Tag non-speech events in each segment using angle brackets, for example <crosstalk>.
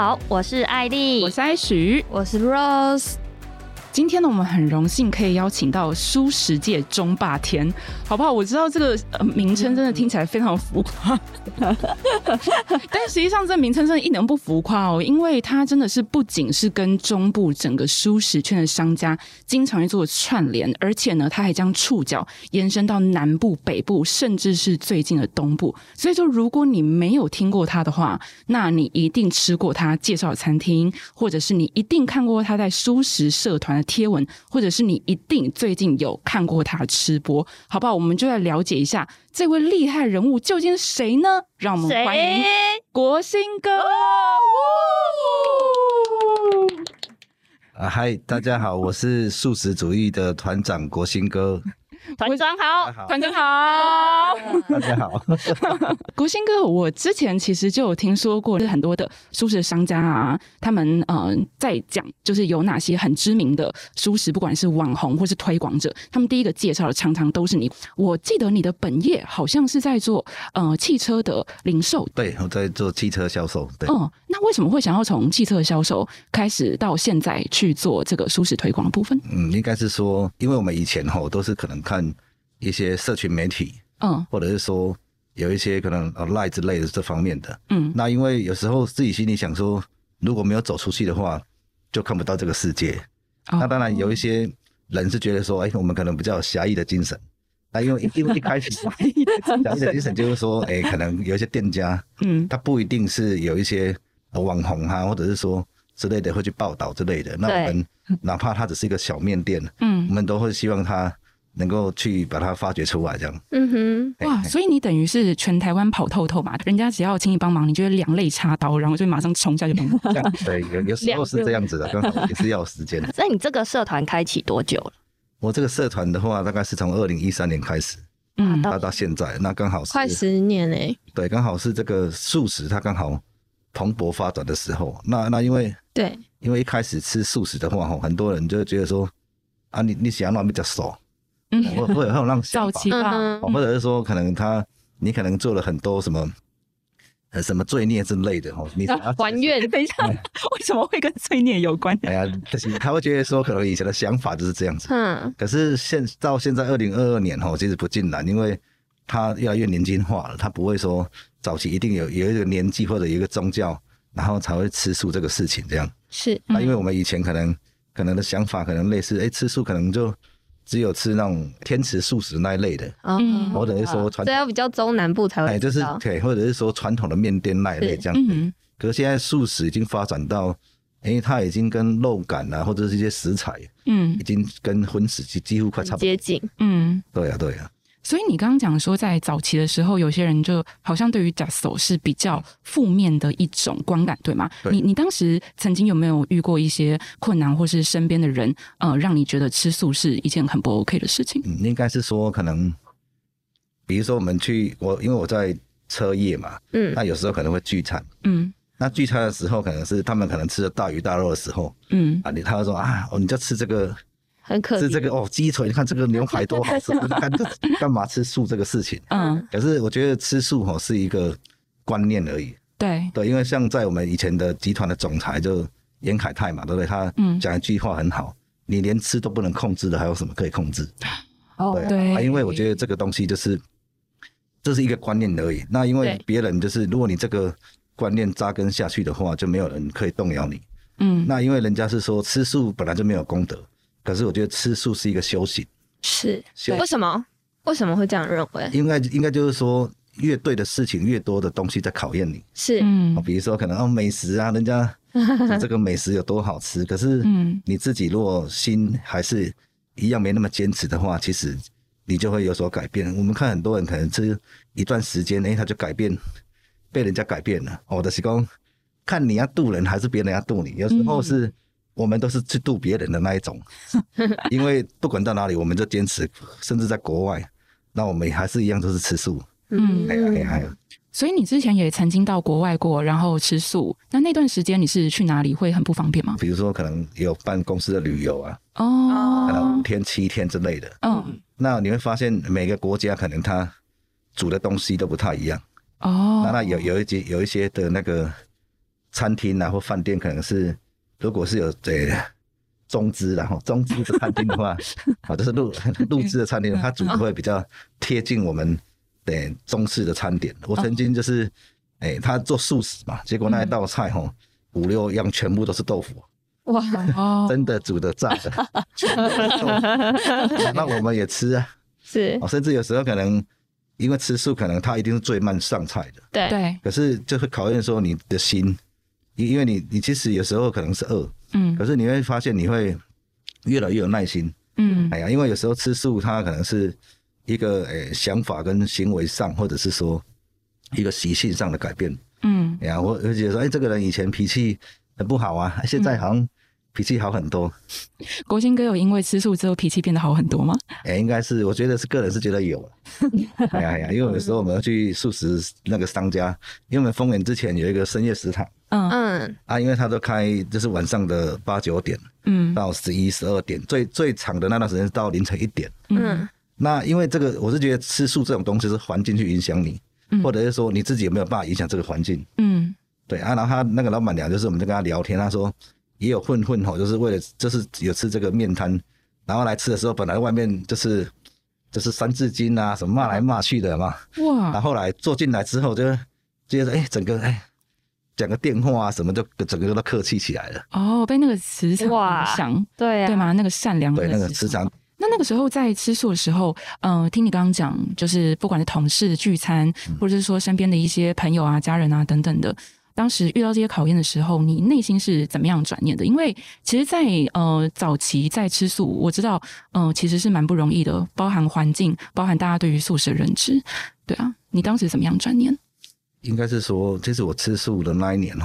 好，我是艾莉，我是艾許，我是 Rose。今天呢，我們很榮幸可以邀請到蔬食界中霸天，好不好？我知道這個名稱真的聽起來非常浮誇， <laughs> 但實際上這名稱真的一點都不浮誇哦，因為它真的是不僅是跟中部整個蔬食圈的商家經常去做串聯，而且呢，它還將觸角延伸到南部、北部，甚至是最近的東部。所以說，如果你沒有聽過他的話，那你一定吃過他介紹的餐廳，或者是你一定看過他在蔬食社團的。貼文，或者是你一定最近有看過他的吃播，好不好？我們就來了解一下這位厲害人物究竟是誰呢？讓我們歡迎國興哥。啊誰，嗨呼，Hi, 大家好，我是素食主義的團長國興哥。團長好，團長好，大家好。好 <laughs> 國興哥，我之前其實就有聽說過，就是很多的蔬食商家啊，他們嗯、呃、在講，就是有哪些很知名的蔬食，不管是網紅或是推廣者，他們第一個介紹的常常都是你。我記得你的本業好像是在做呃汽車的零售，對，我在做汽車銷售，對。哦、嗯，那為什麼會想要從汽車銷售開始到現在去做這個蔬食推廣的部分？嗯，應該是說，因為我們以前吼都是可能看。一些社群媒體，嗯，或者是說有一些可能 online、right、之類的這方面的，嗯，那因為有時候自己心裡想說，如果沒有走出去的話，就看不到這個世界。哦、那當然有一些人是覺得說，哎、欸，我們可能比較狹義的精神。那因為因為一, <laughs> 一開始狹義的精神狹義的精神就是說，哎、欸，可能有一些店家，嗯，他不一定是有一些網紅啊，或者是說之類的會去報道之類的。嗯、那我們哪怕他只是一個小面店，嗯，我們都會希望他。能夠去把它發掘出來，這樣，嗯哼，對哇，所以你等於是全台灣跑透透嘛，人家只要請你幫忙，你就會兩肋插刀，然後就會馬上衝下去幫忙這樣。對，有有時候是這樣子的，剛好也是要有時間。那兩個 <laughs> 你這個社團開啟多久了？我這個社團的話，大概是從二零一三年開始，嗯，到到現在，那剛好是快十年嘞、欸。對，剛好是這個素食它剛好蓬勃發展的時候。那那因為對，因為一開始吃素食的話，哈，很多人就會覺得說啊，你你想法比較少。或或者會有那種想法，嗯、哼或者是說，可能他你可能做了很多什麼呃什麼罪孽，之類的哦，你想要還願等一下，為什麼會跟罪孽有關呢？哎呀，他他會覺得說，可能以前的想法就是這樣子。嗯。可是現到現在二零二二年哦，其實不盡然，因為他越來越年輕化了，他不會說早期一定有有一個年紀或者有一個宗教，然後才會吃素這個事情這樣。是。那，嗯、因為我們以前可能可能的想法可能類似，哎，欸，吃素可能就。只有吃那種天池素食那一類的，嗯。或者是說傳統對要比較中南部才會，哎、欸，就是對，或者是說傳統的麵店那一類這樣嗯。可是現在素食已經發展到，因、欸、為它已經跟肉感啊，或者是一些食材，嗯，已經跟葷食幾幾乎快差不多。接近，嗯，對呀、啊，對呀、啊。所以你剛剛講說，在早期的時候，有些人就好像對於假手是比較負面的一種觀感，對嗎？對，你你當時曾經有沒有遇過一些困難，或是身邊的人呃，讓你覺得吃素是一件很不 OK 的事情？嗯，應該是說可能，比如說我們去我因為我在車業嘛，嗯，那有時候可能會聚餐，嗯，那聚餐的時候可能是他們可能吃了大魚大肉的時候，嗯啊，你他會說啊，哦，你就吃這個。很可惜，是這個哦，雞腿，你看這個牛排多好吃，幹 <laughs> 嗎嘛吃素這個事情？嗯，可是我覺得吃素哦是一個觀念而已。對對，因為像在我們以前的集團的總裁就嚴凱泰嘛，對不對？他講一句話很好，嗯、你連吃都不能控制的，還有什麼可以控制？哦對，對、啊，因為我覺得這個東西就是這、就是一個觀念而已。那因為別人就是如果你這個觀念紮根下去的話，就沒有人可以動搖你。嗯，那因為人家是說吃素本來就沒有功德。可是我覺得吃素是一個修行，是。為什麼？為什麼會這樣認為？應該應該就是說，越對的事情，越多的東西在考驗你。是，嗯，比如說可能、哦、美食啊，人家這個美食有多好吃， <laughs> 可是嗯，你自己如果心還是一樣沒那麼堅持的話，其實你就會有所改變。我們看很多人可能吃一段時間，欸，他就改變，被人家改變了。我的時候看你要度人還是別人要度你，有時候是。我們都是去度別人的那一種， <laughs> 因為不管到哪裡，我們就堅持，甚至在國外，那我們還是一樣都是吃素，嗯，厲害厲害。哎、所以你之前也曾經到國外過，然後吃素，那那段時間你是去哪裡會很不方便嗎？比如說，可能有辦公司的旅遊啊，哦，可能五天七天之類的，嗯，那你會發現每個國家可能它煮的東西都不太一樣，哦，那那有有一些有一些的那個餐廳啊或飯店可能是。如果是有對中資的哈中資的餐廳的話，啊， <laughs> 就是陸、陸資的餐廳，它煮的會比較貼近我們對中式的餐點。我曾經就是，哎、哦欸，他做素食嘛，結果那一道菜哦，嗯、五六樣全部都是豆腐，哇 <laughs> 真的煮的炸的，全都是豆腐，那我們也吃啊，是，甚至有時候可能因為吃素，可能他一定是最慢上菜的，對，可是就會考驗說你的心。因為你，你其實有時候可能是餓，嗯，可是你會發現你會越來越有耐心，嗯，哎呀，因為有時候吃素，它可能是一個、欸、想法跟行為上，或者是說一個習性上的改變，嗯，然、哎、我，覺得說，哎、欸，這個人以前脾氣很不好啊，現在好像脾氣好很多。嗯、 <laughs> 國興哥有因為吃素之後脾氣變得好很多嗎？ <laughs> 哎，應該是，我覺得是，覺得是個人是覺得有， <laughs> 哎呀，因為有時候我們要去素食那個商家，因為我們豐原之前有一個深夜食堂。嗯嗯，uh, 啊，因為他都開就是晚上的八九點，嗯，到十一十二點，最最長的那段時間是到凌晨一點，嗯，那因為這個，我是覺得吃素這種東西是環境去影響你，嗯、或者是說你自己有沒有辦法影響這個環境，嗯，對啊，然後他那個老闆娘就是我們就跟他聊天，嗯、他說也有混混吼，就是為了就是有吃這個麵攤，然後來吃的時候，本來外面就是就是三字經啊什麼罵來罵去的嘛，哇，然後來坐進來之後就，就覺得哎，整個，哎。講個電話啊，什麼就整個都客氣起來了。哦，被那個磁場影響，對、啊、對嗎？那個善良的，對那個磁場。那那個時候在吃素的時候，嗯、呃，聽你剛剛講，就是不管是同事聚餐，或者是說身邊的一些朋友啊、家人啊等等的，嗯、當時遇到這些考驗的時候，你內心是怎麼樣轉念的？因為其實在，在呃早期在吃素，我知道，嗯、呃，其實是蠻不容易的，包含環境，包含大家對於素食的認知，對啊。你當時怎麼樣轉念？嗯應該是說，其實我吃素的那一年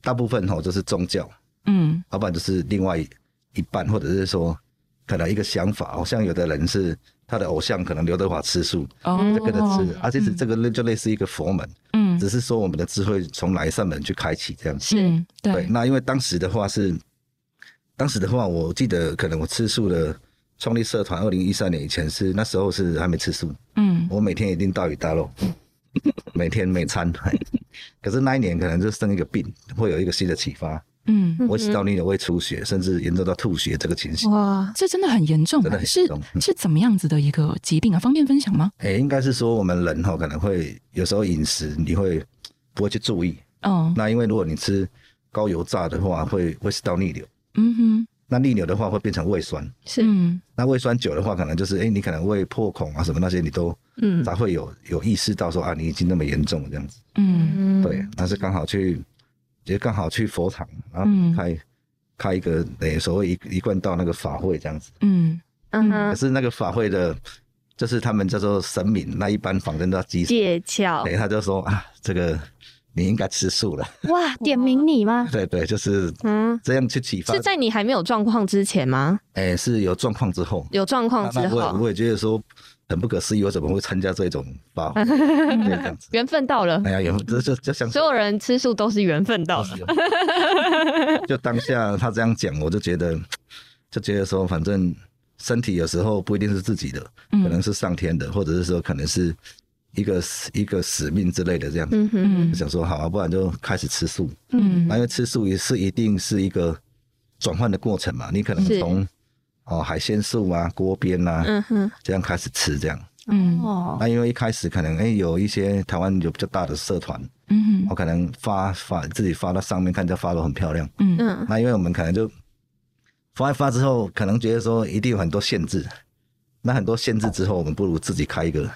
大部分就是宗教，嗯，老闆就是另外一,一半，或者是說，可能一個想法，好像有的人是他的偶像，可能劉德華吃素，哦，就跟着吃，而且是這個就類似一個佛門，嗯，只是說我們的智慧從哪一扇門去開啟這樣子。嗯，是，對，對。那因為當時的話是，當時的話我記得可能我吃素的創立社團二零一三年以前是那時候是還沒吃素，嗯，我每天一定大魚大肉。嗯 <laughs> 每天每餐， <laughs> 可是那一年可能就生一個病，會有一個新的啟發。嗯，胃食道逆流會出血，甚至嚴重到吐血這個情形。哇，這真的很嚴重啊、真的很嚴重，是是怎麼樣子的一個疾病啊？方便分享嗎？哎、欸，應該是說，我們人可能會有時候飲食你會不會去注意？哦，那因為如果你吃高油炸的話，會會胃食道逆流。嗯哼。那逆流的話會變成胃酸，是、嗯。那胃酸久的話，可能就是、欸、你可能胃破孔啊什麼那些，你都才會有有意識到說啊，你已經那麼嚴重這樣子。嗯。對，但是剛好去，就剛好去佛堂，然後開開一個等於、欸、所謂一一貫道那個法會這樣子。嗯嗯、啊。可是那個法會的，就是他們叫做神明，那一般反正都要戒翹，對、欸、他就說啊，這個。你應該吃素了。哇，點名你嗎？ <laughs> 對對，就是嗯，這樣去啟發。是在你還沒有狀況之前嗎？哎、欸，是有狀況之後，有狀況之後，我也覺得說很不可思議，我怎麼會參加這種包這樣子？緣 <laughs> 分到了，哎呀，緣分這這就像所有人吃素都是緣分到了、嗯。就當下他這樣講，我就覺得就覺得說，反正身體有時候不一定是自己的，嗯、可能是上天的，或者是說可能是。一個一個使命之類的這樣子，嗯哼，嗯，想說好啊，不然就開始吃素。嗯哼，那因為吃素也是一定是一個轉換的過程嘛，你可能從是哦海鮮素啊、鍋邊啊，嗯、哼這樣開始吃這樣。嗯哦，那因為一開始可能誒、欸、有一些台灣有比較大的社團，嗯哼，我、哦、可能發發自己發到上面，看就發的很漂亮，嗯嗯，那因為我們可能就發一發之後，可能覺得說一定有很多限制，那很多限制之後，我們不如自己開一個。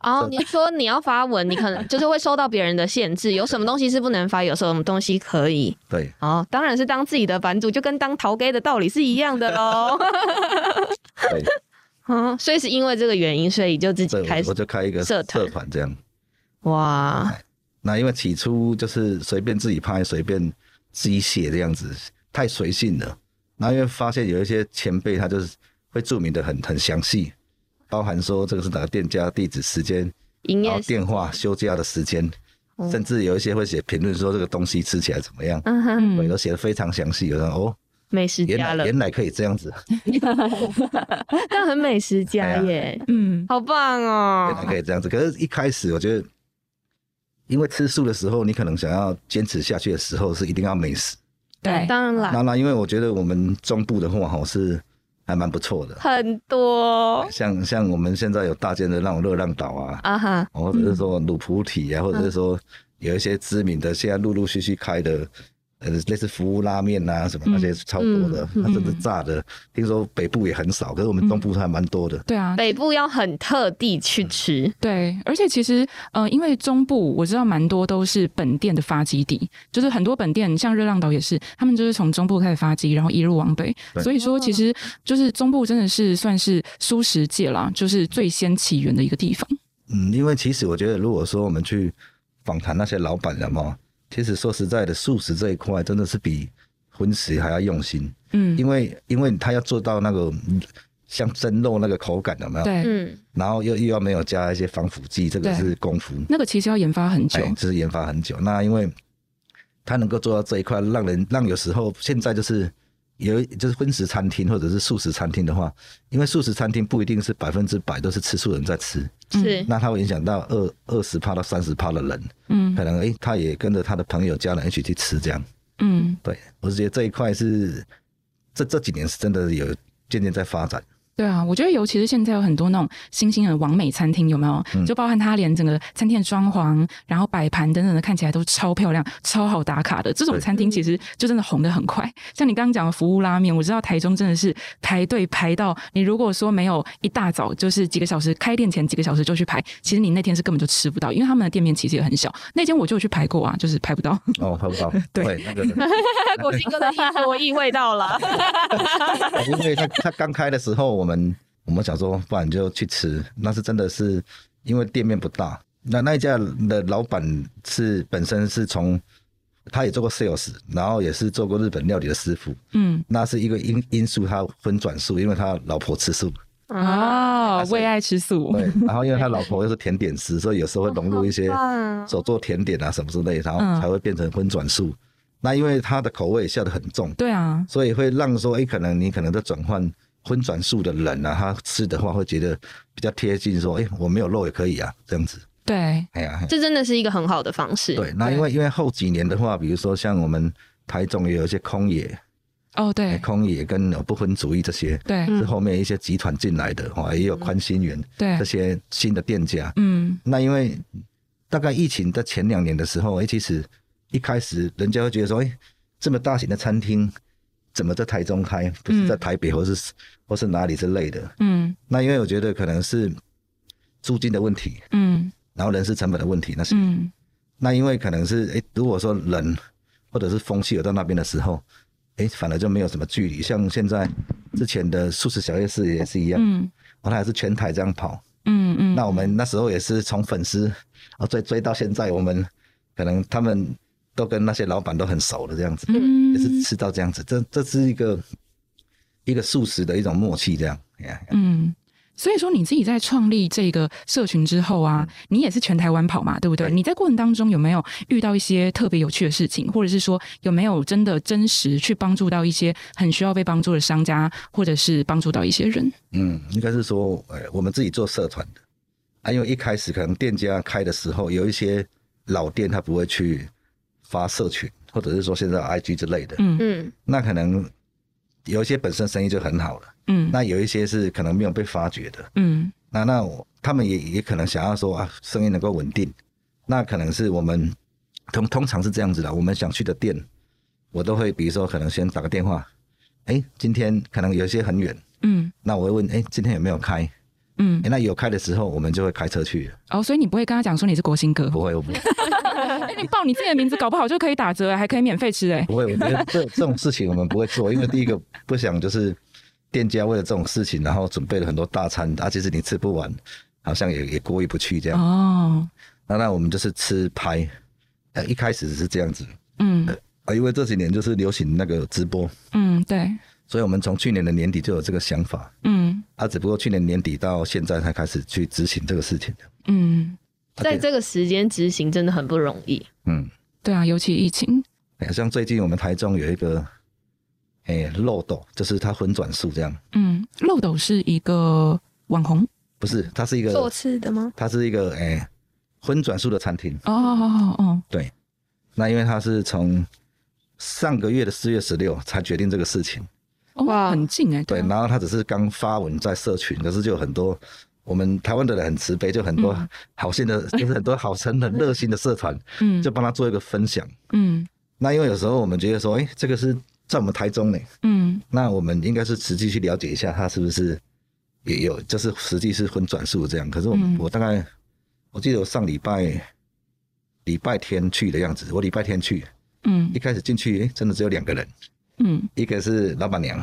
哦，你說你要發文，你可能就是會受到別人的限制，有什麼東西是不能發，有什麼東西可以。對。哦，當然是當自己的版主，就跟當桃 g 的道理是一樣的嘍。 <laughs> 對、哦。所以是因為這個原因，所以就自己開始，我就開一個社團這樣。哇。那因為起初就是隨便自己拍，隨便自己寫這樣子，太隨性了。然後因為發現有一些前輩，他就是會註明的很很詳細。包含說這個是哪個店家、地址、時間，營業時間然後電話、休假的時間，哦、甚至有一些會寫評論說這個東西吃起來怎麼樣，嗯哼，嗯都寫得非常詳細。有人哦，美食家原來，原來可以這樣子， <laughs> 但很美食家耶，啊、嗯，好棒哦，原來可以這樣子。可是，一開始我覺得，因為吃素的時候，你可能想要堅持下去的時候，是一定要美食，對，對當然啦。那那因為我覺得我們中部的話，哈是。還蠻不錯的，很多、哦。像像我們現在有大間的那種熱浪島啊，uh huh. 或者是說魯菩提啊，uh huh. 或者是說有一些知名的，現在陸陸續續開的。呃，類似服務拉麵吶、啊、什麼，些、嗯、且超多的，那、嗯、真的炸的。嗯、聽說北部也很少，嗯、可是我們中部還蠻多的。對啊，北部要很特地去吃。對，而且其實，呃，因為中部我知道蠻多都是本店的發基地，就是很多本店像熱浪島也是，他們就是從中部開始發基，然後一路往北。對所以說，其實就是中部真的是算是蔬食界啦，就是最先起源的一個地方。嗯，因為其實我覺得，如果說我們去訪談那些老闆了嘛。其實說實在的，素食這一塊真的是比葷食還要用心，嗯，因為因為他要做到那個像蒸肉那個口感有沒有？對，嗯，然後又又要沒有加一些防腐劑，這個是功夫。那個其實要研發很久，欸就是研發很久。那因為它能夠做到這一塊，讓人讓有時候現在就是有就是葷食餐廳或者是素食餐廳的話，因為素食餐廳不一定是百分之百都是吃素人在吃。嗯、是，那他會影響到二二十趴到三十趴的人，嗯，可能誒，他、欸、也跟着他的朋友、家人一起去吃這樣，嗯，對，我是覺得這一塊是這這幾年是真的有漸漸在發展。對啊，我覺得尤其是現在有很多那種新興的網美餐廳，有沒有？嗯、就包含它連整個餐廳的裝潢，然後擺盤等等的，看起來都超漂亮、超好打卡的。這種餐廳其實就真的紅得很快。對像你剛剛講的服務拉麵，我知道台中真的是排隊排到你如果說沒有一大早就是幾個小時開店前幾個小時就去排，其實你那天是根本就吃不到，因為他們的店面其實也很小。那天我就有去排過啊，就是排不到。哦，排不到。 <laughs> 對，那個 <laughs> 國興哥的意思我意會到了。不 <laughs> 對、哦，他他剛開的時候我們。我們我們想說，不然就去吃。那是真的是因為店面不大，那那一家的老闆是本身是從他也做過 sales，然後也是做過日本料理的師傅。嗯，那是一個因因素，他葷轉素，因為他老婆吃素啊，為、哦、愛吃素。對，然後因為他老婆又是甜點師， <laughs> 所以有時候會融入一些手做甜點啊什麼之類的，然後才會變成葷轉素。嗯、那因為他的口味下得很重，對啊、嗯，所以會讓說，哎、欸，可能你可能在轉換。葷轉素的人啊，他吃的話會覺得比較貼近，說：“哎、欸，我沒有肉也可以啊。”這樣子。對，哎呀、啊，這真的是一個很好的方式。對，那因為對因為後幾年的話，比如說像我們台中也有一些空野哦，oh, 對，空野跟不分主義這些，對，是後面一些集團進來的，哇對、喔，也有寬心園，對、嗯，這些新的店家，嗯對，那因為大概疫情的前兩年的時候，哎、欸，其實一開始人家會覺得說：“哎、欸，這麼大型的餐廳。”怎麼在台中開，不是在台北，或是、嗯、或是哪裡之類的？嗯，那因為我覺得可能是租金的問題，嗯，然後人事成本的問題那，那是，嗯，那因為可能是，哎、欸，如果說人或者是風氣有到那邊的時候，哎、欸，反而就沒有什麼距離。像現在之前的素食小夜市也是一樣，嗯，我、哦、他還是全台這樣跑，嗯嗯。嗯，那我們那時候也是從粉絲，然後追追到現在，我們可能他們。都跟那些老闆都很熟的這樣子，嗯、也是吃到這樣子，這這是一個一個素食的一種默契這樣，嗯。所以說你自己在創立這個社群之後啊，嗯、你也是全台灣跑嘛，對不對？嗯、你在過程當中有沒有遇到一些特別有趣的事情，或者是說有沒有真的真實去幫助到一些很需要被幫助的商家，或者是幫助到一些人？嗯，應該是說，我們自己做社團的，啊，因為一開始可能店家開的時候，有一些老店他不會去。發社群，或者是說現在 IG 之類的，嗯嗯，那可能有一些本身生意就很好了，嗯，那有一些是可能沒有被發掘的，嗯，那那我他們也也可能想要說啊，生意能夠穩定，那可能是我們通通常是這樣子的，我們想去的店，我都會比如說可能先打個電話，哎、欸，今天可能有一些很遠，嗯，那我會問，哎、欸，今天有沒有開？嗯、欸，那有開的時候，我們就會開車去。哦，所以你不會跟他講說你是國興哥，不會，我不。 <laughs> 欸、你報你自己的名字，搞不好就可以打折， <laughs> 還可以免費吃哎、欸，不會，我覺得這這種事情我們不會做，因為第一個不想就是店家為了這種事情，然後準備了很多大餐，而且是你吃不完，好像也也過意不去這樣。哦，那、啊、那我們就是吃拍、呃，一開始是這樣子。嗯、啊、呃，因為這幾年就是流行那個直播。嗯，對。所以我們從去年的年底就有這個想法，嗯，他、啊、只不過去年年底到現在才開始去執行這個事情的，嗯、啊、在這個時間執行真的很不容易，嗯，對啊，尤其疫情、欸，像最近我們台中有一個誒漏斗，欸、Lodo，就是它葷轉素這樣，嗯，漏斗是一個網紅，不是，它是一個做吃的嗎？它是一個誒葷轉素的餐廳，哦哦哦，對，那因為它是從上個月的四月十六才決定這個事情。哇，很近哎、欸！對，然後他只是剛發文在社群，可、就是就很多我們台灣的人很慈悲，就很多好心的，嗯、就是很多好心的很熱心的社團，嗯，就幫他做一個分享，嗯。那因為有時候我們覺得說，哎、欸，這個是在我們台中呢、欸，嗯，那我們應該是實際去了解一下，他是不是也有，就是實際是葷轉素這樣。可是我、嗯、我大概我記得我上禮拜禮拜天去的樣子，我禮拜天去，嗯，一開始進去，哎，真的只有兩個人。嗯，一個是老闆娘，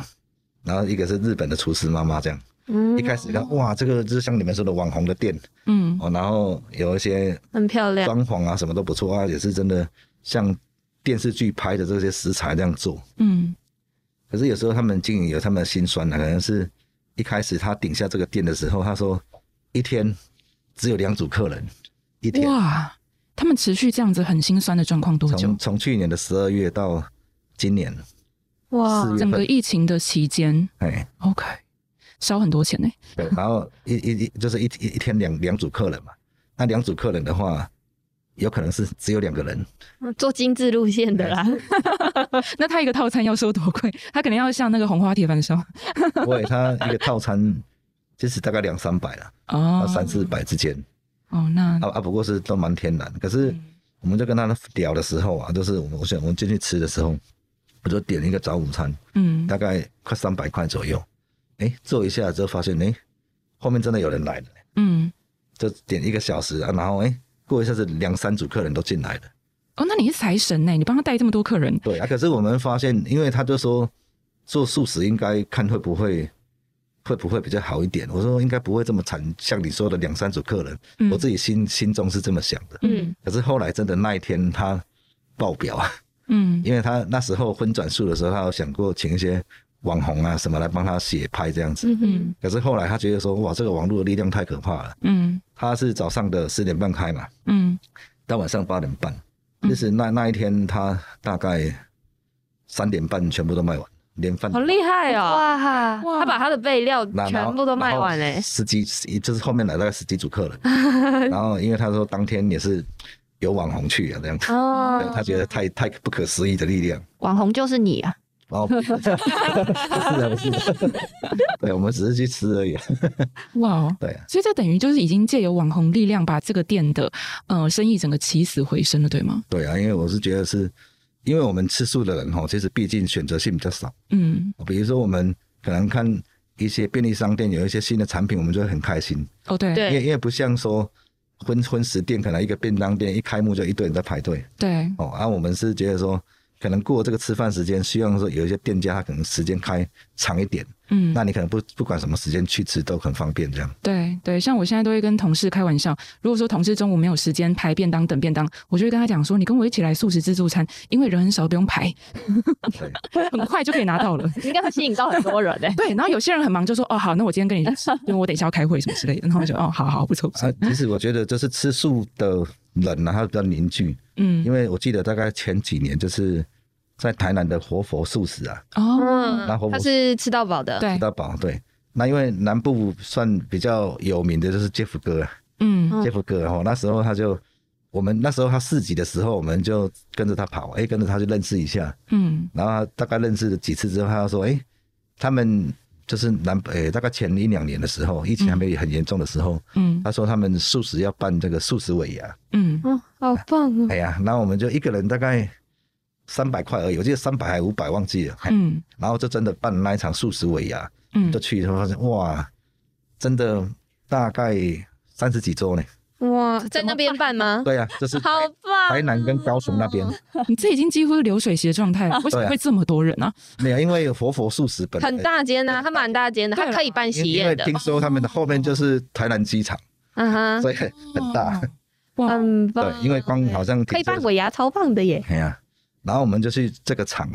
然後一個是日本的廚師媽媽這樣。嗯，一開始看哇，這個就是像你們說的網紅的店，嗯，哦、喔，然後有一些很漂亮，裝潢啊，什麼都不錯啊，也是真的像電視劇拍的這些食材這樣做。嗯，可是有時候他們經營有他們心酸的，可能是一開始他頂下這個店的時候，他說一天只有兩組客人，一天哇，他們持續這樣子很心酸的狀況多久？從從去年的十二月到今年。哇！Wow, 整個疫情的期間，哎，OK，燒很多錢呢。對，然後一一一就是一一一天兩兩組客人嘛，那兩組客人的話，有可能是只有兩個人做精致路線的啦。 <laughs> <laughs> 那他一個套餐要收多貴？他可能要像那個紅花鐵板燒，不 <laughs> 會，他一個套餐就是大概兩三百了，哦，三四百之間。哦，那啊不過是都蠻天然。可是，我們就跟他聊的時候啊，嗯、就是我們我想我們進去吃的時候。我就點了一個早午餐，嗯，大概快三百塊左右。哎、嗯欸，坐一下之後發現，哎、欸，後面真的有人來了、欸。嗯，就點一個小時啊，然後哎、欸，過一下子兩三組客人都進來了。哦，那你是財神呢、欸？你幫他帶這麼多客人。對啊，可是我們發現，因為他就說做素食應該看會不會會不會比較好一點。我說應該不會這麼慘，像你說的兩三組客人，嗯、我自己心心中是這麼想的。嗯，可是後來真的那一天他爆表、啊。嗯，因為他那時候葷轉素的時候，他有想過請一些網紅啊什麼來幫他寫拍這樣子。嗯哼可是後來他覺得說，哇，這個網絡的力量太可怕了。嗯。他是早上的十點半開嘛？嗯。到晚上八點半，嗯、就是那，那一天，他大概三點半全部都賣完，連飯。好厲害哦！哇哇，他把他的備料全部都賣完嘞，十幾就是後面來大概十幾組客人。 <laughs> 然後因為他說當天也是。有網紅去啊，這樣子，oh, yeah. 他覺得太太不可思議的力量。網紅就是你啊！啊， <laughs> 不是不是， <laughs> 對，我們只是去吃而已。哇 <laughs> Wow,、啊！對，所以這等於就是已經借由網紅力量，把這個店的呃生意整個起死回生了，對嗎？對啊，因為我是覺得是，因為我們吃素的人哈、喔，其實畢竟選擇性比較少。嗯，比如說我們可能看一些便利商店有一些新的產品，我們就會很開心。哦，oh, 對，因因為不像說。葷葷食店，可能一個便當店一開幕，就一堆人在排隊，對，哦，啊我們是覺得說。可能過這個吃飯時間，希望說有一些店家他可能時間開長一點，嗯，那你可能不不管什麼時間去吃都很方便，這樣。對對，像我現在都會跟同事開玩笑，如果說同事中午沒有時間排便當等便當，我就會跟他講說，你跟我一起來素食自助餐，因為人很少，不用排，對 <laughs> 很快就可以拿到了，應該會吸引到很多人嘞。 <laughs> 對，然後有些人很忙就說，哦好，那我今天跟你，因為我等一下要開會什麼之類的，然後我就哦好好，好，不錯不錯，啊、其實我覺得這是吃素的。冷、啊，然後比較凝聚。嗯，因為我記得大概前幾年，就是在台南的活佛素食啊，哦，那活佛他是吃到飽的，吃到飽。對，對那因為南部算比較有名的就是 Jeff 哥，嗯，Jeff 哥哈，嗯、那時候他就，我們那時候他四級的時候，我們就跟着他跑，誒、欸，跟着他就認識一下，嗯，然後他大概認識了幾次之後，他就說，誒、欸，他們。就是南北，欸，大概前一兩年的時候，疫情還沒很嚴重的時候，嗯，嗯，他說他們素食要辦這個素食尾牙，嗯，哦，好棒哦，哎呀，然後我們就一個人大概三百塊而已，我記得三百還五百忘記了，嗯，然後就真的辦那一場素食尾牙，嗯，就去以後發現哇，真的大概三十幾桌呢。哇，在那邊辦嗎？對呀，這是好棒！台南跟高雄那邊，你這已經幾乎是流水席狀態了。為什麼會這麼多人呢？沒有，因為有佛佛素食，本。很大間吶，他蠻大間的，他可以辦席。的。因為聽說他們的後面就是台南機場，啊哈，所以很大，很棒。對，因為光好像可以辦尾牙，超棒的耶！哎呀，然後我們就去這個場，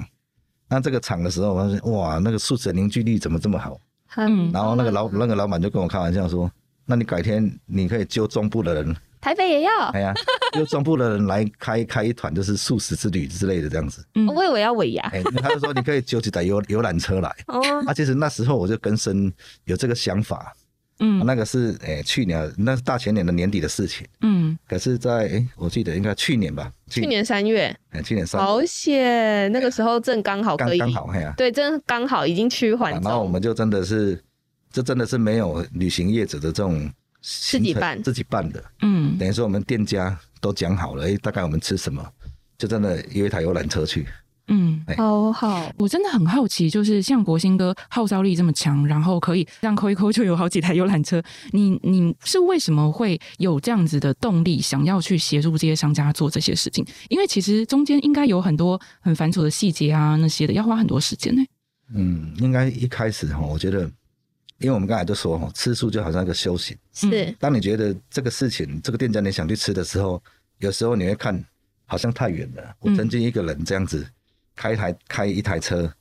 那這個場的時候，我發現，哇，那個素食凝聚力怎麼這麼好？嗯，然後那個老那個老板就跟我開玩笑說。那你改天你可以揪中部的人，台北也要。哎呀、啊，揪中部的人來開 <laughs> 開一團，就是素食之旅之類的這樣子。嗯，我以為要尾牙，哎，他就說你可以揪幾台遊遊覽車來。哦。啊，其實那時候我就更深有這個想法。嗯、啊。那個是哎、欸、去年那是大前年的年底的事情。嗯。可是在，在、欸、哎我記得應該去年吧。去，去年三月。哎、欸，去年三月。好險！那個時候正剛好可以。剛好，呀、啊。對，正剛好已經趨緩、啊。然後我們就真的是。這真的是沒有旅行業者的這種自己辦自己辦的，嗯，等於說我們店家都講好了、欸，大概我們吃什麼？就真的有一台遊覽車去，嗯，好對好，好我真的很好奇，就是像國興哥號召力這麼強，然後可以讓扣一扣就有好幾台遊覽車，你你是為什麼會有這樣子的動力，想要去協助這些商家做這些事情？因為其實中間應該有很多很繁瑣的細節啊，那些的要花很多時間呢、欸。嗯，應該一開始哈，我覺得。因為我們剛才都說，吃素就好像一個修行。是。當你覺得這個事情，這個店家你想去吃的時候，有時候你會看好像太遠了。我曾經一個人這樣子開一台、嗯、開一台車，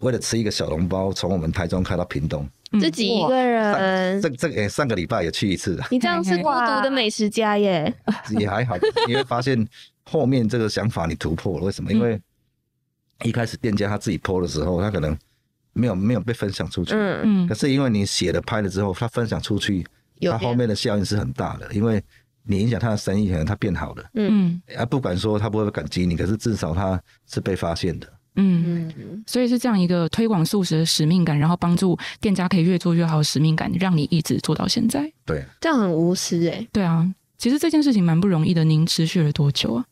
為了吃一個小籠包，從我們台中開到屏東，嗯、哇自己一個人。三這這、欸、上個禮拜也去一次。你這樣是孤獨的美食家耶。 <laughs> 也還好，你會發現後面這個想法你突破了。為什麼？因為一開始店家他自己 po 的時候，他可能。沒有沒有被分享出去，嗯嗯。嗯可是因為你寫了拍了之後，他分享出去，有用。他後面的效應是很大的，因為你影響他的生意，可能他變好了，嗯。啊，不管說他不會感激你，可是至少他是被發現的，嗯嗯。所以是這樣一個推廣素食的使命感，然後幫助店家可以越做越好，使命感讓你一直做到現在，對。這樣很無私哎、欸，對啊。其實這件事情蠻不容易的，您持續了多久、啊？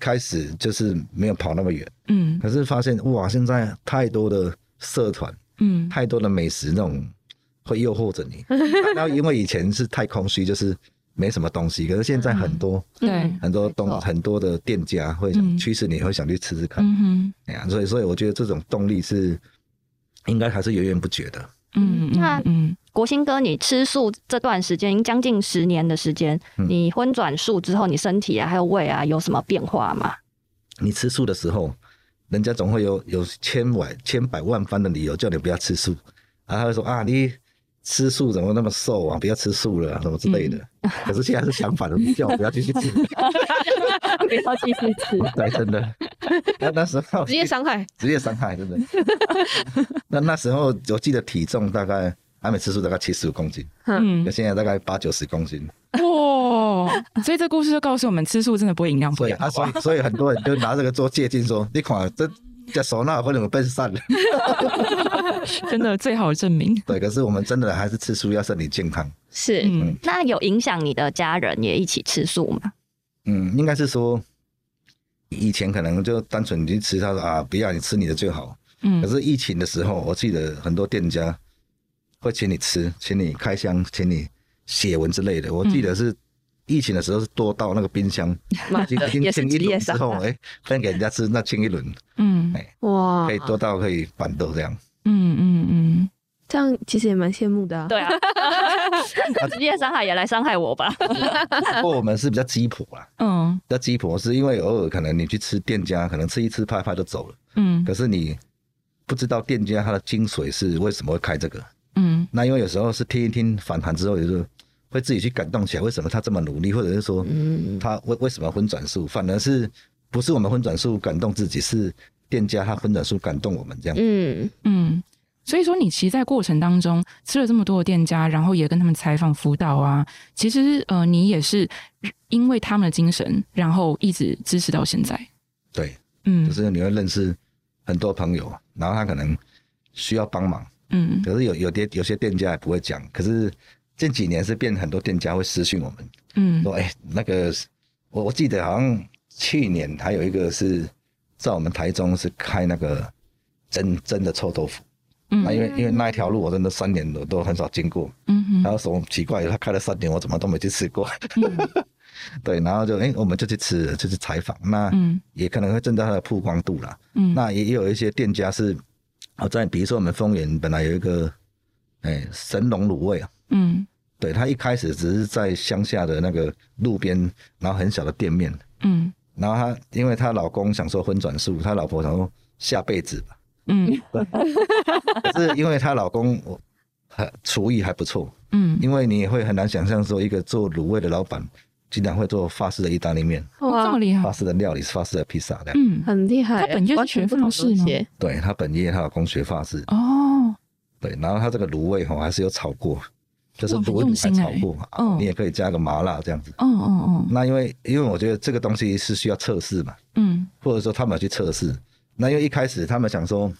開始就是沒有跑那麼遠，嗯。可是發現哇，現在太多的。社團，嗯，太多的美食那種會誘惑着你，然後、 <laughs> 啊、因為以前是太空虛，就是沒什麼東西，可是現在很多，嗯、對，很多動多很多的店家會想驅，嗯、使你會想去吃吃看，嗯，嗯哼，哎、啊、所以所以我覺得這種動力是應該還是源源不絕的，嗯，那嗯，國興哥，你吃素這段時間將近十年的時間，嗯、你葷轉素之後，你身體啊還有胃啊有什麼變化嗎？你吃素的時候。人家總會有有千百千百萬番的理由叫你不要吃素，然、啊、後他會說啊，你吃素怎麼那麼瘦啊？不要吃素了、啊，什麼之類的。嗯、可是現在是相反的， <laughs> 叫我不要繼續吃，不 <laughs> <laughs> 要繼續吃。對，真的。那那時候職業傷害，職業傷害，真的。 <laughs> <laughs> 那那時候我記得體重大概。還沒吃素大概七十五公斤，嗯，現在大概八九十公斤。哇、哦，所以這故事就告訴我們，吃素真的不會營養不良、啊。所以，所以，很多人就拿這個做借鑒，說 <laughs> 你看這這手那可能要分散了。 <laughs> <laughs> 真的最好證明。對，可是我們真的還是吃素要身體健康。是，嗯、那有影響你的家人也一起吃素嗎？嗯，應該是說以前可能就單純你去吃他說啊不要你吃你的最好。嗯、可是疫情的時候，我記得很多店家。會請你吃，請你開箱，請你寫文之類的。我記得是疫情的時候是多到那個冰箱清、嗯、清一輪之後，哎， <laughs> 分給人家吃，那清一輪，嗯，誒哇，可以多到可以辦桌這樣，嗯嗯嗯，這樣其實也蠻羨慕的、啊，對啊，職 <laughs> 業傷害也來傷害我吧、 <laughs> 啊。不過我們是比較雞婆啦，嗯，比較雞婆是因為偶爾可能你去吃店家，可能吃一吃拍拍就走了，嗯，可是你不知道店家他的精髓是為什麼會開這個。嗯，那因為有時候是聽一聽訪談之後，有時候會自己去感動起來。為什麼他這麼努力，或者是說他為為什麼葷轉素，反而是不是我們葷轉素感動自己，是店家他葷轉素感動我們這樣。嗯嗯，所以說你其實在過程當中吃了這麼多的店家，然後也跟他們採訪輔導啊，其實呃你也是因為他們的精神，然後一直支持到現在。對，嗯，就是你會認識很多朋友，然後他可能需要幫忙。嗯，可是有有的有些店家也不會講。可是近幾年是變很多店家會私訊我們，嗯，說哎、欸、那個，我我記得好像去年還有一個是在我們台中是開那個真真的臭豆腐，嗯，那因為因為那一條路我真的三年我都很少經過，嗯，嗯然後什麼奇怪，他開了三年我怎麼都沒去吃過，嗯、 <laughs> 對，然後就誒、欸、我們就去吃就去採訪，那嗯也可能會增加他的曝光度啦，嗯，那也有一些店家是。哦，再比如說我們豐原本來有一個，哎、欸，神龍滷味啊，嗯，對，他一開始只是在鄉下的那個路邊，然後很小的店面，嗯，然後他因為她老公想說葷轉素，他老婆想說下輩子吧，嗯，對 <laughs> 可是因為她老公我廚藝還不錯，嗯，因為你也會很難想象說一個做滷味的老板。經常會做法式的意大利麵，哇，這麼厲害，法式的料理，是法式的披薩，啊、嗯，很厲害。他本就學法式嗎？對，他本業，他老公學法式。哦，對，然後他這個滷味吼、哦、還是有炒過，哦、就是滷味你還炒過，你也可以加個麻辣這樣子。嗯嗯嗯。那因為因為我覺得這個東西是需要測試嘛，嗯，或者說他們有去測試。那因為一開始他們想說，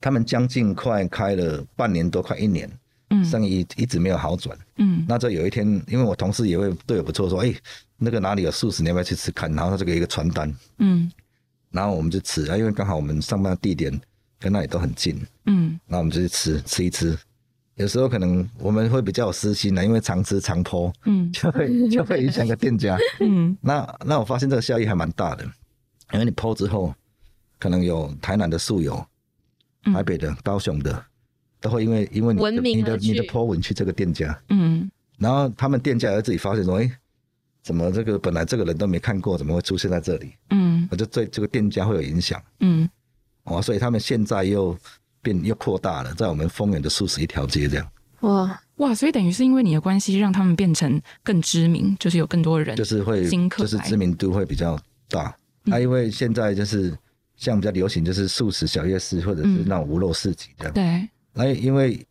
他們將近快開了半年多，快一年。生意一,一直沒有好轉。嗯，那就有一天，因為我同事也會對我不錯，說：“哎、嗯，欸，那個哪裡有素食，你要不要去吃看。”然後他就給一個傳單，嗯，然後我們就吃啊，因為剛好我們上班的地點跟那裡都很近，嗯，那我們就去吃吃一吃。有時候可能我們會比較有私心的，因為常吃常潑、嗯，嗯，就會就會影響個店家。 <laughs> 嗯，那那我發現這個效益還蠻大的，因為你潑之後，可能有台南的素友，台北的、高雄的。嗯都會因為因為你的你的你的 PO 文去這個店家，嗯，然後他們店家也會自己發現說，哎，怎麼這個本來這個人都沒看過，怎麼會出現在這裡？嗯，我就對這個店家會有影響，嗯，哦，所以他們現在又變又擴大了，在我們豐原的素食一條街這樣，哇哇，所以等於是因為你的關係，讓他們變成更知名，就是有更多人，就是會就是知名度會比較大。那、嗯啊、因為現在就是像比較流行，就是素食小夜市或者是那種無肉市集這樣，嗯、對。哎，因為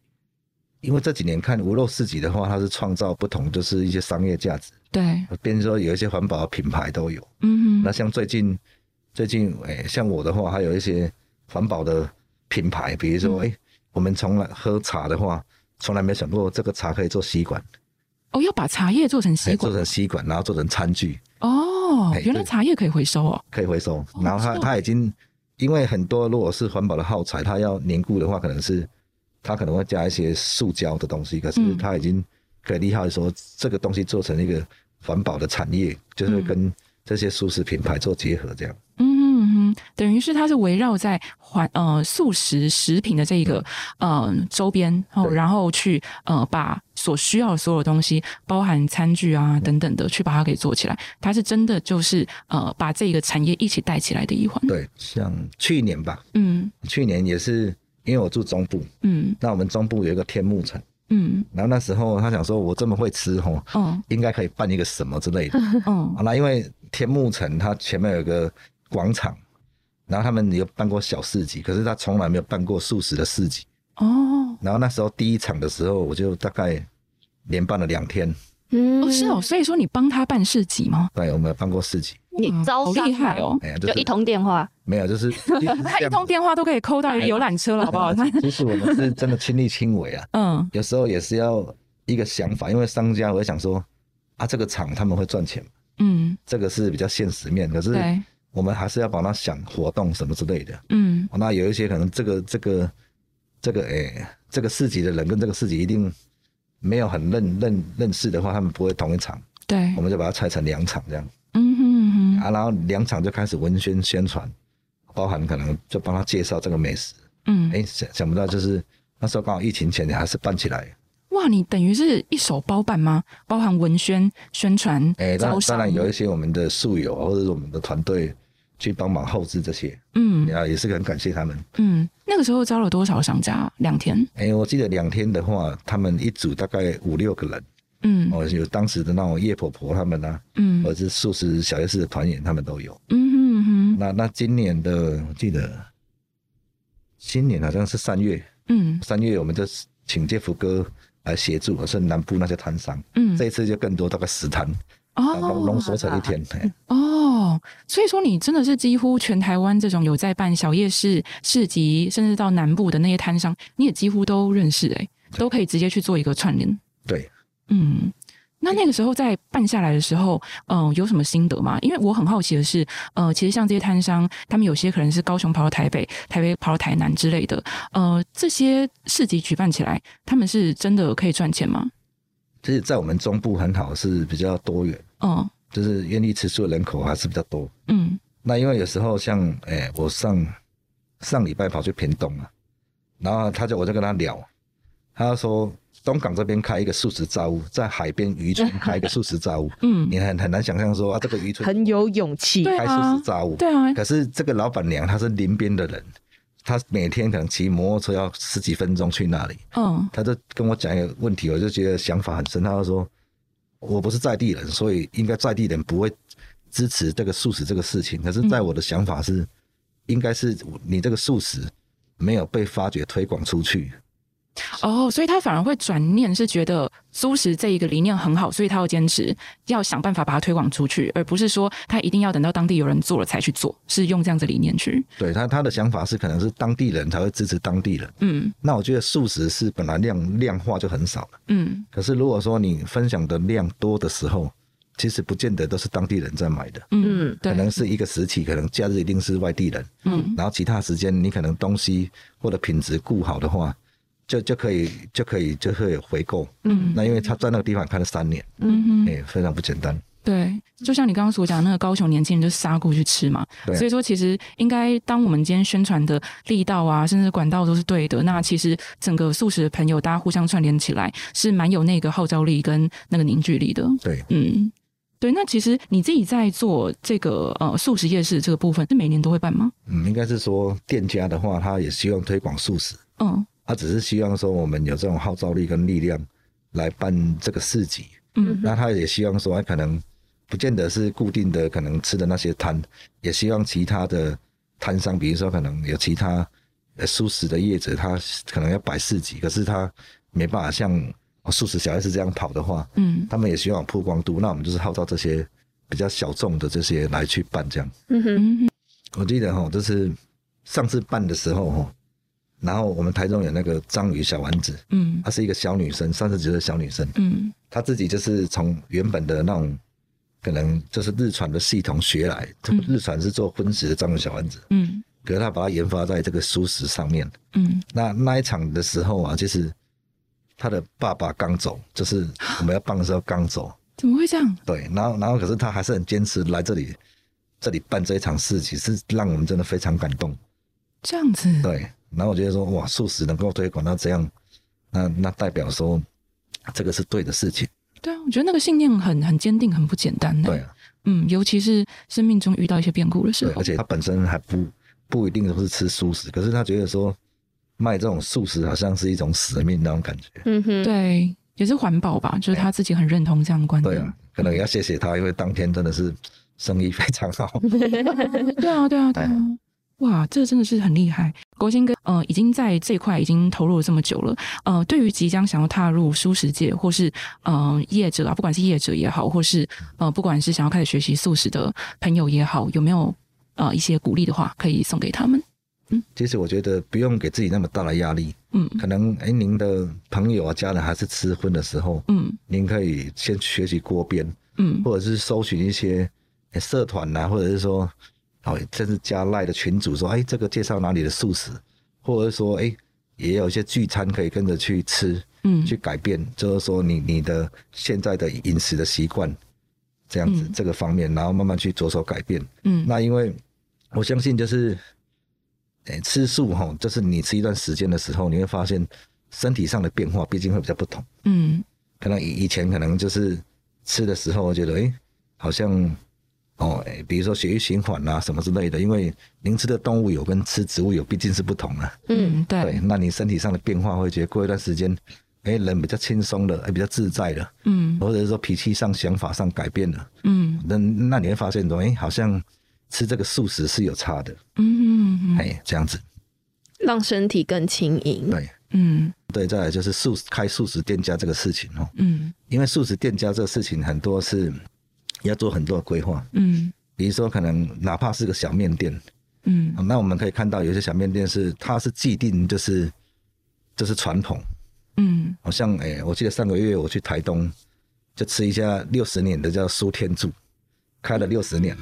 因為這幾年看無肉市集的話，它是創造不同，就是一些商業價值。對，變成說有一些環保的品牌都有。嗯哼。那像最近最近，哎、欸，像我的話，還有一些環保的品牌，比如說，哎、欸嗯欸，我們從來喝茶的話，從來沒想過這個茶可以做吸管。哦，要把茶葉做成吸管、欸。做成吸管，然後做成餐具。哦、欸、原來茶葉可以回收哦，可以回收，然後它它已經，因為很多如果是環保的耗材，它要凝固的話，可能是。它可能會加一些塑膠的東西，可是它已經很厲害說、嗯、這個東西做成一個環保的產業，嗯、就是跟這些素食品牌做結合這樣。嗯哼哼，等於是它是圍繞在環呃素食食品的這個嗯、呃、周邊對然後去呃把所需要的所有的東西，包含餐具啊等等的，嗯、去把它給做起來。它是真的就是呃把這一個產業一起帶起來的一環。對，像去年吧，嗯，去年也是。因為我住中部，嗯，那我們中部有一個天幕城，嗯，然後那時候他想說，我這麼會吃吼，哦，應該可以辦一個什麼之類的，哦、啊，那因為天幕城它前面有一個廣場，然後他們也有辦過小市集，可是他從來沒有辦過素食的市集，哦，然後那時候第一場的時候，我就大概連辦了兩天，嗯、哦，哦是哦，所以說你幫他辦市集嗎？對，我們有辦過市集。你超厲害哦、喔嗯，害欸，就是、就一通電話，沒有，就是，就是 <laughs> 他一通電話都可以 call 到遊覽車了， <laughs> 對好不好？其實我們是真的親力親為啊。嗯，有時候也是要一個想法，因為商家，我想說啊，這個廠他們會賺錢。嗯，這個是比較現實面，可是我們還是要把它想活動什麼之類的。嗯，那有一些可能這個這個這個，誒、這個欸，這個市集的人跟這個市集一定沒有很認認認識的話，他們不會同一場。對，我們就把它拆成兩場這樣。啊，然後兩場就開始文宣宣傳，包含可能就幫他介紹這個美食。嗯，哎，想想不到就是那時候剛好疫情前，你還是辦起來。哇，你等於是一手包辦嗎？包含文宣宣傳，哎，當然當然有一些我們的素友或者是我們的團隊去幫忙後製這些。嗯，也是很感謝他們。嗯，那個時候招了多少商家？兩天？哎，我記得兩天的話，他們一組大概五六個人。嗯，我、哦、有當時的那種葉婆婆他們啊，嗯，或者是素食小夜市的團員，他們都有，嗯嗯嗯。那那今年的，我記得，今年好像是三月，嗯，三月我們就請傑夫哥來協助，我是南部那些攤商，嗯，這一次就更多，大概十攤，哦，濃縮成一天的、嗯，哦，所以說你真的是幾乎全台灣這種有在辦小夜市市集，甚至到南部的那些攤商，你也幾乎都認識、欸，誒對，都可以直接去做一個串聯，對。嗯，那那個時候在辦下來的時候，嗯、欸呃，有什麼心得嗎？因為我很好奇的是，呃，其實像這些攤商，他們有些可能是高雄跑到台北，台北跑到台南之類的，呃，這些市集舉辦起來，他們是真的可以賺錢嗎？其實在我們中部很好，是比較多元哦，嗯、就是願意吃素的人口還是比較多。嗯，那因為有時候像，哎、欸，我上上禮拜跑去屏東啊，然後他就我就跟他聊，他就說，東港這邊開一個素食茶屋，在海邊漁村開一個素食茶屋。 <laughs> 嗯，你很很難想象說啊，這個漁村很有勇氣開素食茶屋。啊，對啊，可是這個老板娘她是林邊的人，她每天可能騎摩托車要十幾分鐘去那裡，嗯，她就跟我講一個問題，我就覺得想法很深。她就說，我不是在地人，所以應該在地人不會支持這個素食這個事情。可是，在我的想法是，嗯、應該是你這個素食沒有被發掘，推廣出去。哦，oh, 的所以他反而會轉念，是覺得素食這一個理念很好，所以他要堅持，要想辦法把它推廣出去，而不是說他一定要等到當地有人做了才去做，是用這樣子的理念去。對他，他的想法是可能是當地人才會支持當地人。嗯，那我覺得素食是本來量量化就很少了。嗯，可是如果說你分享的量多的時候，其實不見得都是當地人在買的。嗯，對，可能是一個時期，可能假日一定是外地人。嗯，然後其他時間你可能東西或者品質夠好的話。就就可以就可以就可以回購，嗯，那因為他在那個地方開了三年，嗯嗯哼、欸，非常不簡單。對，就像你剛剛所講，那個高雄年輕人就殺過去吃嘛，對、啊，所以說其實應該當我們今天宣傳的力道啊，甚至管道都是對的，那其實整個素食的朋友大家互相串聯起來，是蠻有那個號召力跟那個凝聚力的。對，嗯，對，那其實你自己在做這個呃素食夜市這個部分，是每年都會辦嗎？嗯，應該是說店家的話，他也希望推廣素食，嗯。他只是希望說我們有這種號召力跟力量來辦這個市集，嗯哼，那他也希望說他可能不見得是固定的，可能吃的那些攤，也希望其他的攤商，比如說可能有其他、欸、素食的業者，他可能要擺市集，可是他沒辦法像、哦、素食小 S 這樣跑的話，嗯，他們也希望曝光度，那我們就是號召這些比較小眾的這些來去辦這樣，嗯哼，我記得哈，就是上次辦的時候哈。然後我們台中有那個章魚小丸子，嗯，她是一個小女生，三十幾歲小女生，嗯，她自己就是從原本的那種，可能就是日傳的系統學來，嗯、日傳是做葷食的章魚小丸子，嗯，可是她把它研發在這個素食上面，嗯，那那一場的時候啊，就是他的爸爸剛走，就是我們要辦的時候剛走，怎麼會這樣？對，然後然後可是他還是很堅持來這裡，這裡辦這一場事情是讓我們真的非常感動，這樣子，對。然後我覺得說哇，素食能夠推廣到這樣，那那代表說這個是對的事情。對啊，我覺得那個信念很很堅定，很不簡單。對啊，嗯，尤其是生命中遇到一些變故的時候。對，而且他本身還不不一定都是吃素食，可是他覺得說賣這種素食好像是一種使命的那種感覺。嗯哼，對，也是環保吧，就是他自己很認同這樣的觀點。對啊，可能也要謝謝他，因為當天真的是生意非常好。 <laughs> 啊對啊，對啊，對啊。 <laughs> 哇，這真的是很厲害！國興哥，呃，已經在這一塊已經投入了這麼久了，呃，對於即將想要踏入素食界或是呃業者啊，不管是業者也好，或是呃不管是想要開始學習素食的朋友也好，有沒有呃一些鼓勵的話可以送給他們？嗯，其實我覺得不用給自己那麼大的壓力，嗯，可能哎，您的朋友啊、家人還是吃葷的時候，嗯，您可以先學習鍋邊，嗯，或者是搜尋一些社團啊，或者是說。哦，這是加 Line 的群主說：“哎、欸，這個介紹哪裡的素食，或者說，哎、欸，也有一些聚餐可以跟着去吃，嗯，去改變，就是說你你的現在的飲食的習慣這樣子、嗯、這個方面，然後慢慢去着手改變。嗯，那因為我相信，就是，哎、欸，吃素哈，就是你吃一段時間的時候，你會發現身體上的變化，畢竟會比較不同。嗯，可能以以前可能就是吃的時候我覺得，哎、欸，好像。”哦，比如說血液循環啊什麼之類的，因為您吃的動物油跟吃植物油畢竟是不同的。嗯，對。對，那你身體上的變化會覺得過一段時間，哎，人比較輕鬆了，哎，比較自在了。嗯。或者是說脾氣上、想法上改變了。嗯。那那你會發現說，哎，好像吃這個素食是有差的。嗯哼哼。哎，這樣子。讓身體更輕盈。對。嗯。對，再來就是素開素食店家這個事情哦。嗯。因為素食店家這個事情很多是。要做很多的規劃，嗯，比如說可能哪怕是個小麵店，嗯、哦，那我們可以看到有些小麵店是它是既定就是，就是傳統，嗯，好、哦、像誒、欸，我記得上個月我去台東就吃一家六十年的叫蘇天柱，開了六十年，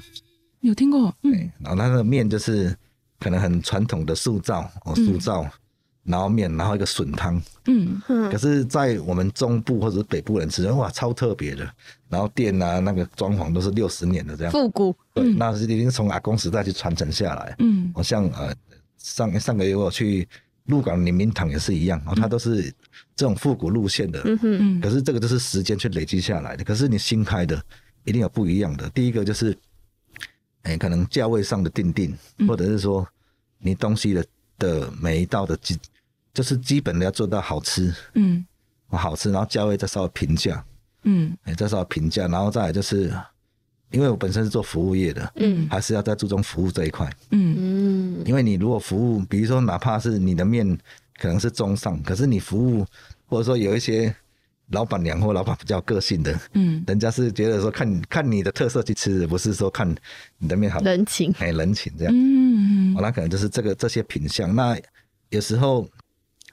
有聽過，嗯、欸、然後那個麵就是可能很傳統的塑造哦塑造。嗯然後面，然後一個筍湯。嗯嗯。可是，在我們中部或者是北部人吃，哇，超特別的。然後店啊，那個裝潢都是六十年的這樣，復古。嗯、對，那是已經從阿公時代去傳承下來。嗯。好像呃，上上個月我去鹿港李明堂也是一樣，哦、它都是這種復古路線的。嗯嗯。可是這個就是時間去累積下來的，嗯嗯、可是你新開的一定有不一樣的。第一個就是，哎、欸，可能價位上的定定，或者是說你東西的的每一道的幾就是基本的要做到好吃，嗯，我好吃，然後價位再稍微平價，嗯，哎，再稍微平價，然後再來就是，因為我本身是做服務業的，嗯，還是要再注重服務這一塊，嗯嗯，因為你如果服務，比如說哪怕是你的麵可能是中上，可是你服務或者說有一些老闆娘或老闆比較個性的，嗯，人家是覺得說看看你的特色去吃，不是說看你的麵好，人情，哎，人情這樣嗯，嗯，我那可能就是這個這些品相，那有時候。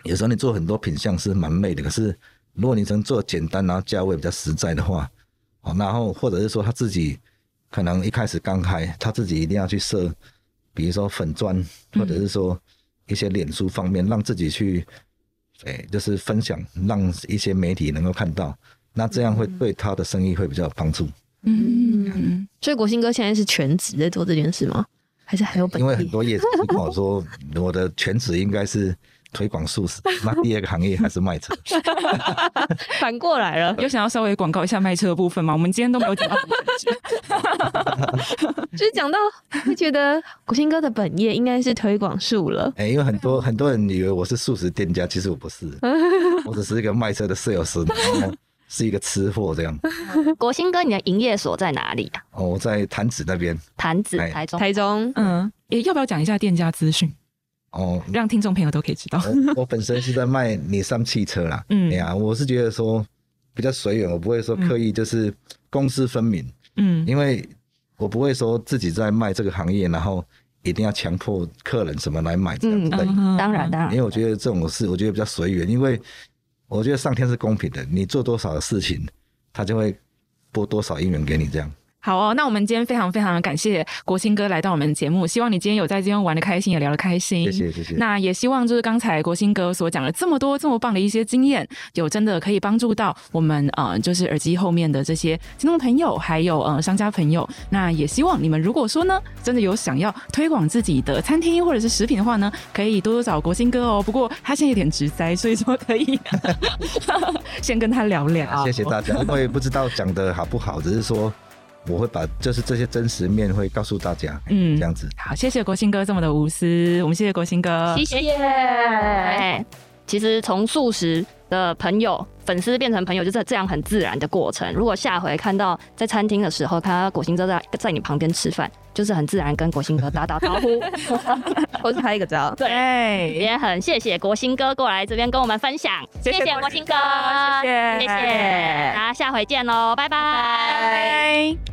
有時候你做很多品項，是蠻美的，可是如果你能做簡單，然後價位比較實在的話，哦，然後或者是說他自己可能一開始剛開，他自己一定要去設，比如說粉專，或者是說一些臉書方面，嗯、讓自己去，哎、欸，就是分享，讓一些媒體能夠看到，那這樣會對他的生意會比較有幫助嗯。嗯，所以國興哥現在是全職在做這件事嗎？還是還有本業？因為很多業主跟我說， <laughs> 我的全職應該是。推廣素食，那第二個行業 <laughs> 還是賣車， <laughs> 反過來了。 <laughs> 有想要稍微廣告一下賣車的部分嗎？我們今天都沒有講到， <laughs> <laughs> 到，就是講到會覺得國興哥的本業應該是推廣素了。哎、欸，因為很多很多人以為我是素食店家，其實我不是， <laughs> 我只是一個賣車的 sales，然後是一個吃貨這樣。 <laughs> 國興哥，你的營業所在哪裡？哦、啊，我在潭子那邊，潭子，台中，哎、台中。對嗯，要不要講一下店家資訊？哦，讓聽眾朋友都可以知道。我，我本身是在賣你上汽車啦，哎呀、 <laughs> 嗯，yeah, 我是覺得說比較隨緣，我不會說刻意就是公私分明。嗯，因為我不會說自己在賣這個行業，然後一定要強迫客人什麼來買這樣子。當然當然，嗯嗯嗯，因為我覺得這種事，我覺得比較隨緣，因為我覺得上天是公平的，你做多少的事情，他就會撥多少姻緣給你這樣。好哦，那我們今天非常非常的感謝國興哥來到我們的節目。希望你今天有在今天玩的開心，也聊的開心。謝謝謝謝。謝謝，那也希望就是剛才國興哥所講了這麼多這麼棒的一些經驗，有真的可以幫助到我們呃，就是耳機後面的這些聽眾朋友，還有呃商家朋友。那也希望你們如果說呢，真的有想要推廣自己的餐廳或者是食品的話呢，可以多多找國興哥哦。不過他現在有點直塞，所以說可以 <laughs> <laughs> 先跟他聊聊。啊、謝謝大家，我也 <laughs> 不知道講的好不好，只是說。我會把就是這些真實面會告訴大家，嗯，這樣子。好，謝謝國興哥這麼的無私，我們謝謝國興哥。謝謝。其實從素食的朋友、粉絲變成朋友，就是這樣很自然的過程。如果下回看到在餐廳的時候，看到國興哥在在你旁邊吃飯，就是很自然跟國興哥打打招呼，或者拍一個照。對，也對很謝謝國興哥過來這邊跟我們分享。謝謝國興哥，謝謝謝謝。那謝對下回見嘍，拜拜。Bye.